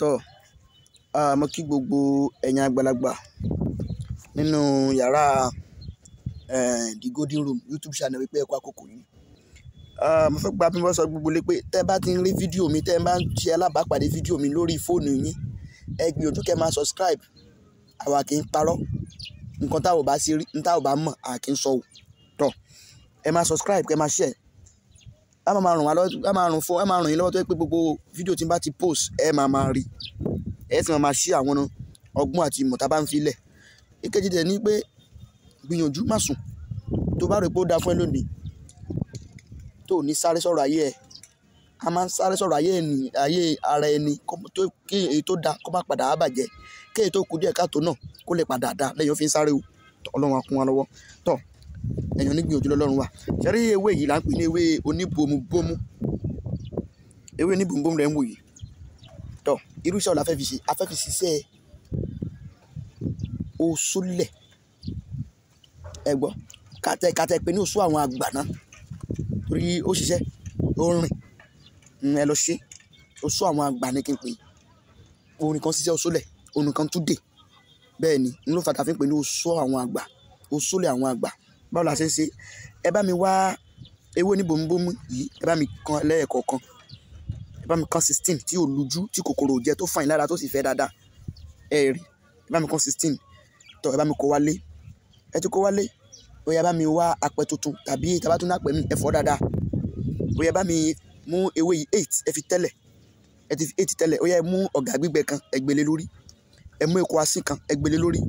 tọ́ a mọ kí gbogbo ẹ̀yin àgbàlagbà nínú yàrá the golden room youtube channel wípé ẹ kú àkókò yìí mo fẹ́ gba bí wọ́n sọ gbogbo lé pé tẹ́ ẹ bá ti ń rí fídíò mi tẹ́ ẹ bá ń ṣe alábàápàdé fídíò mi lórí fóònù yín ẹ gbìyànjú kẹ́ máa subscribe àwa kì í parọ́ nǹkan tá ò bá sí rí tá ò bá mọ̀ à kì í sọ ò tọ́ ẹ máa subscribe kẹ́ máa share a máa máa rùn a máa rùn fún a máa rùn yín lọ́wọ́ tó yẹ pé gbogbo fídíò tí n bá ti post ẹ máa máa rí ẹ sì máa máa ṣí àwọn ọgbọ́n àti ìmọ̀ tá a bá ń filẹ̀ ìkejì dẹ̀ ni pé gbìyànjú má sùn tó bá rò pé ó dáa fún ẹ lónìí tó ní sáré sọ̀rọ̀ ayé ẹ a máa ń sáré sọ̀rọ̀ ayé ẹni ayé ara ẹni kí èyí tó da kó má padà á bàjẹ́ kí èyí tó kù díẹ̀ káàtó náà kó lè padà dáa lẹ́yìn ó fi ń sáré o Ọlọ́run á kún wa lọ́wọ́ tọ́ ẹ̀yin onígbìyànjú lọ́lọ́run wà ṣẹ́rí ewé yìí là ń pè ní ewé oníbomubomu ewé oníbomubomu rẹ̀ ń wò yìí tọ́ irú iṣẹ́ wo la fẹ́ fi ṣe a fẹ́ fi ṣiṣẹ́ oṣù lẹ̀ ẹ gbọ́ kàtẹ kàtẹ pé ní oṣù àwọn àgbà náà torí ó ṣiṣẹ́ ó rìn ẹ lọ ṣe oṣù àwọn àgbà ní kí n pè orin kan ṣiṣẹ́ oṣù lẹ̀ orin kan tún dè bẹ́ẹ̀ ni n ló fàtà fi ń pè ní oṣù àwọn àgbà oṣù lẹ̀ àwọn àgbà báwo la ṣe ń ṣe ẹ bá mi wá ewé oníbòmúbòmú yìí ẹ bá mi kan lẹ́ẹ̀kọ̀ọ̀kan ẹ bá mi kan sixteen tí ò lujú tí kòkòrò ò jẹ tó fàyín lára tó sì fẹ́ dáadáa ẹ rí ẹ bá mi kan sixteen tọ ẹ bá mi kó wálé ẹ ti kó wálé ó yá bá mi wá apẹ tuntun tàbí tàbá tún ní apẹ mi ẹ fọ dáadáa ó yá bá mi mú ewé yìí eight ẹ fi tẹ́lẹ̀ ẹ ti fi eight tẹ́lẹ̀ ó ẹ mú ọ̀gá gbígbẹ kan ẹ gbélé lórí ẹ mú èkó asín kan ẹ gbélé lórí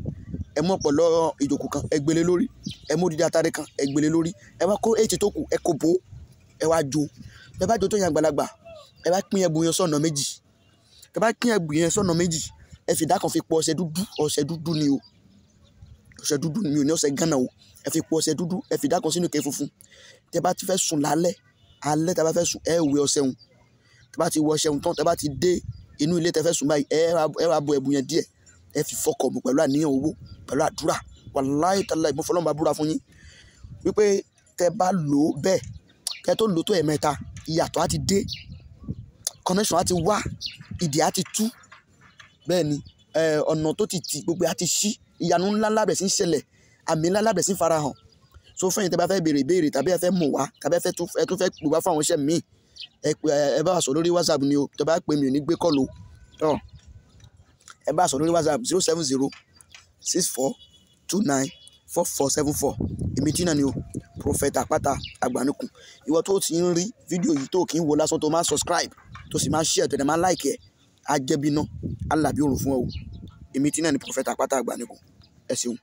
ẹ mú ọ̀pọ̀lọ́ ìjòkó kan ẹ gbélé lórí ẹ mú dídá atare kan ẹ gbélé lórí ẹ wá kó èyí tó kù ẹ kò bó ẹ wá jó bẹ́ẹ̀ bá jó tó yàn àgbàlagbà ẹ bá pín ẹbùn yẹn sọ̀nà méjì ẹ bá pín ẹbùn yẹn sọ̀nà méjì ẹ fi ìdá kan fi pọ ọṣẹ dúdú ọṣẹ dúdú ni o ọṣẹ dúdú ni o ní ọṣẹ gánà o ẹ fi pọ ọṣẹ dúdú ẹ fi ìdá kan sínú ìkẹ́ funfun tẹ bá ti fẹ́ sùn lálẹ́ alẹ́ tẹ bá fẹ́ sùn ẹ wẹ ọṣẹ hun tẹ bá ti wọ ọṣẹ hun tán tẹ bá ti dé inú ilé tẹ fẹ́ sùn báyìí ẹ wá bo ẹbùn yẹn díẹ̀ ẹ fi fọkọ̀ mọ̀ pẹ̀lú àníyàn owó pẹ̀lú àdúrà wàláì tàlà ìmúfọlọ́mọ àbúrà fún yín wípé tẹ bá lò ó bẹ́ẹ̀ kẹ tó lò ó tó ẹ̀mẹ́ta ìyàtọ̀ á ti dé connection á ti wá ìdí á ti tú bẹ́ẹ̀ ni ọ̀nà tó ti tì gbogbo á ti ṣí ìyanu ńlá ńlá bẹ̀ sí ń ṣẹlẹ̀ àmì ńlá ńlá bẹ̀ sí ń farahàn so fẹ́yìn tẹ bá fẹ́ béèrè ìbéèrè tàbí ẹ fẹ́ mọ̀ wá tàbí ẹ fẹ́ tún fẹ́ pè wá fún àwọn iṣẹ́ míì ẹ bá wà sọ lórí WhatsApp ni o tẹ bá pè mí ò ní gbé kọ́ lo ẹ bá sọ lórí whatsapp zero seven zero six four two nine four four seven four èmi tí náà ni o prophet àpáta àgbànukù ìwọ tó ti ń rí fídíò yìí tó kì í wo lásán tó máa subscribe tó sì máa share tó dẹ̀ máa like ẹ̀ ajẹ́bí náà alábí òrùn fún ọ o èmi tí náà ni prophet àpáta àgbànukù ẹ ṣeun.